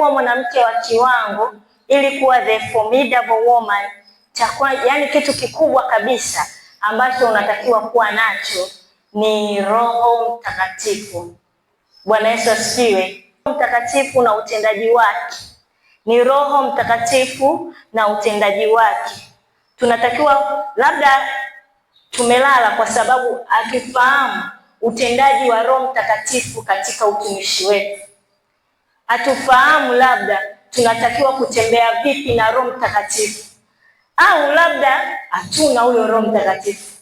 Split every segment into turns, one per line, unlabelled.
kuwa mwanamke wa kiwango, ili kuwa the formidable woman, chakwa, yani kitu kikubwa kabisa ambacho unatakiwa kuwa nacho ni Roho Mtakatifu. Bwana Yesu asifiwe. Mtakatifu na utendaji wake ni Roho Mtakatifu na utendaji wake. Tunatakiwa labda tumelala, kwa sababu akifahamu utendaji wa Roho Mtakatifu katika utumishi wetu hatufahamu labda tunatakiwa kutembea vipi na Roho Mtakatifu, au labda hatuna huyo Roho Mtakatifu,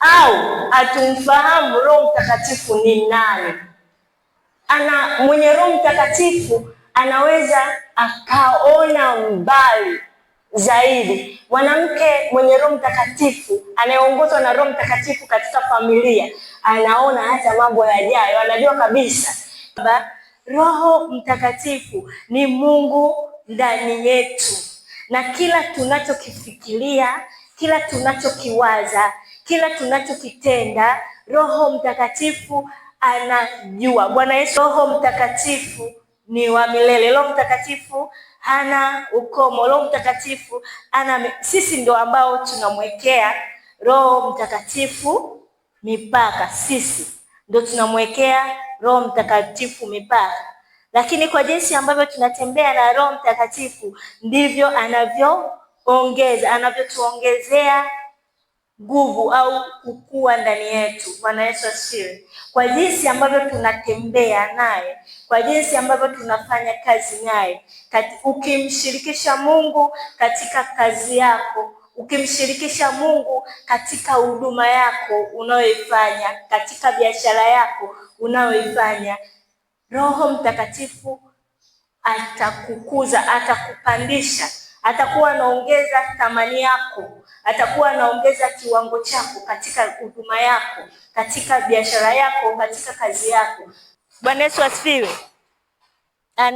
au hatumfahamu Roho Mtakatifu ni nani. Ana mwenye Roho Mtakatifu anaweza akaona mbali zaidi. Mwanamke mwenye Roho Mtakatifu anayeongozwa na Roho Mtakatifu katika familia anaona hata mambo yajayo, anajua kabisa Roho Mtakatifu ni Mungu ndani yetu, na kila tunachokifikiria, kila tunachokiwaza, kila tunachokitenda, Roho Mtakatifu anajua. Bwana Yesu. Roho Mtakatifu ni wa milele. Roho Mtakatifu hana ukomo. Roho Mtakatifu ana, sisi ndo ambao tunamwekea Roho Mtakatifu mipaka, sisi ndo tunamwekea Roho Mtakatifu mipaka. Lakini kwa jinsi ambavyo tunatembea na Roho Mtakatifu ndivyo anavyoongeza, anavyotuongezea nguvu au kukua ndani yetu. Bwana Yesu asifiwe. Kwa jinsi ambavyo tunatembea naye, kwa jinsi ambavyo tunafanya kazi naye, ukimshirikisha Mungu katika kazi yako ukimshirikisha Mungu katika huduma yako unayoifanya, katika biashara yako unayoifanya, Roho Mtakatifu atakukuza, atakupandisha, atakuwa anaongeza thamani yako, atakuwa anaongeza kiwango chako katika huduma yako, katika biashara yako, katika kazi yako. Bwana Yesu asifiwe. Ah,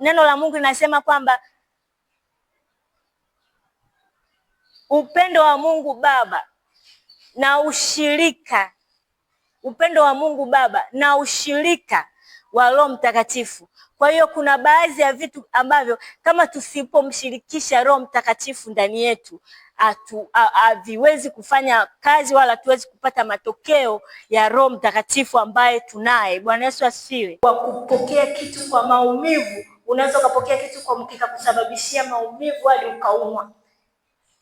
neno la Mungu linasema kwamba upendo wa Mungu Baba na ushirika, upendo wa Mungu Baba na ushirika wa Roho Mtakatifu. Kwa hiyo kuna baadhi ya vitu ambavyo kama tusipomshirikisha Roho Mtakatifu ndani yetu haviwezi kufanya kazi wala hatuwezi kupata matokeo ya Roho Mtakatifu ambaye tunaye. Bwana Yesu asifiwe. Kwa kupokea kitu kwa maumivu, unaweza ukapokea kitu kwa mkikakusababishia maumivu hadi ukaumwa.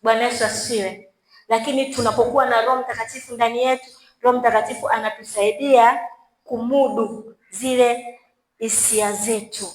Bwana Yesu asifiwe. Lakini tunapokuwa na Roho Mtakatifu ndani yetu, Roho Mtakatifu anatusaidia kumudu zile hisia zetu.